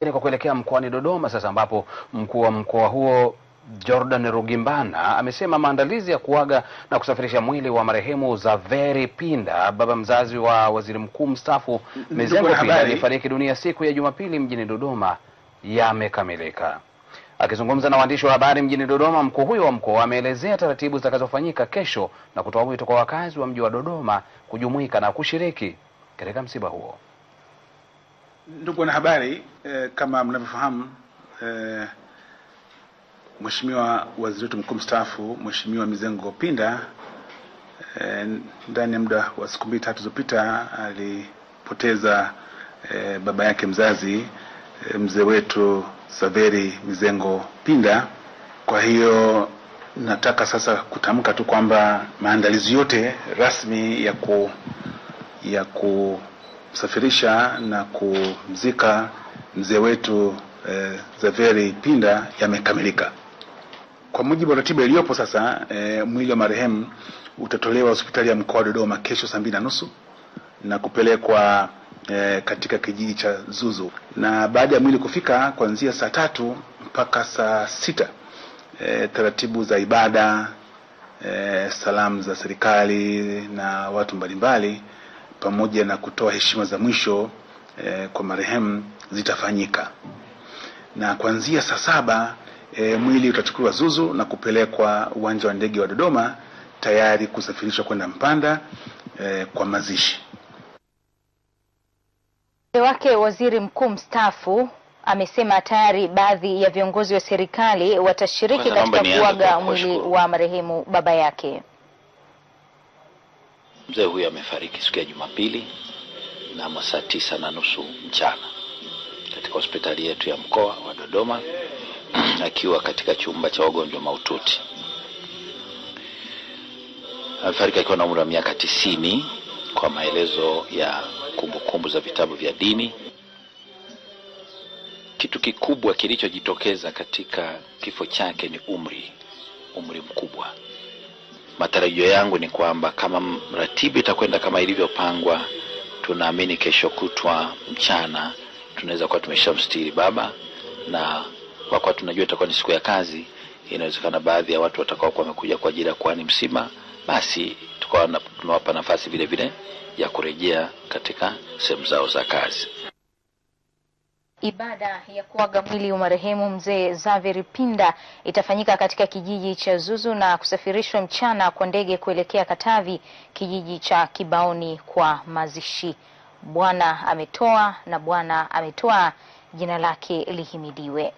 Kwa kuelekea mkoani Dodoma sasa, ambapo mkuu wa mkoa huo Jordan Rugimbana amesema maandalizi ya kuaga na kusafirisha mwili wa marehemu Zaveri Pinda, baba mzazi wa waziri mkuu mstaafu Mizengo Pinda aliyefariki dunia siku ya Jumapili mjini Dodoma yamekamilika. Akizungumza na waandishi wa habari mjini Dodoma, mkuu huyo wa mkoa ameelezea taratibu zitakazofanyika kesho na kutoa wito kwa wakazi wa mji wa Dodoma kujumuika na kushiriki katika msiba huo. Ndugu wanahabari, eh, kama mnavyofahamu eh, Mheshimiwa Waziri wetu mkuu mstaafu Mheshimiwa Mizengo Pinda eh, ndani ya muda wa siku mbili tatu zilizopita alipoteza eh, baba yake mzazi eh, mzee wetu Saveri Mizengo Pinda. Kwa hiyo nataka sasa kutamka tu kwamba maandalizi yote rasmi ya ku ya ku kusafirisha na kumzika mzee wetu e, eh, Zaveri Pinda yamekamilika. Kwa mujibu wa ratiba iliyopo sasa, e, mwili wa marehemu utatolewa hospitali ya mkoa wa Dodoma kesho saa mbili na nusu na kupelekwa e, katika kijiji cha Zuzu, na baada ya mwili kufika kuanzia saa tatu mpaka saa sita e, taratibu za ibada e, salamu za serikali na watu mbalimbali pamoja na kutoa heshima za mwisho e, kwa marehemu zitafanyika, na kuanzia saa saba e, mwili utachukuliwa Zuzu na kupelekwa uwanja wa ndege wa Dodoma tayari kusafirishwa kwenda Mpanda e, kwa mazishi. wake waziri mkuu mstaafu amesema tayari baadhi ya viongozi wa serikali watashiriki katika kuaga mwili wa marehemu baba yake. Mzee huyu amefariki siku ya Jumapili na masaa tisa na nusu mchana katika hospitali yetu ya mkoa wa Dodoma akiwa katika chumba cha wagonjwa mahututi. Amefariki akiwa na umri wa miaka tisini kwa maelezo ya kumbukumbu kumbu za vitabu vya dini. Kitu kikubwa kilichojitokeza katika kifo chake ni umri, umri mkubwa. Matarajio yangu ni kwamba kama ratibu itakwenda kama ilivyopangwa, tunaamini kesho kutwa mchana tunaweza kuwa tumeshamstiri baba, na kwa kuwa tunajua itakuwa ni siku ya kazi, inawezekana baadhi ya watu watakao wamekuja kwa ajili ya kuani msima, basi tukawa tunawapa nafasi vile vile ya kurejea katika sehemu zao za kazi. Ibada ya kuaga mwili wa marehemu mzee Xavier Pinda itafanyika katika kijiji cha Zuzu na kusafirishwa mchana kwa ndege kuelekea Katavi, kijiji cha Kibaoni kwa mazishi. Bwana ametoa na Bwana ametoa, jina lake lihimidiwe.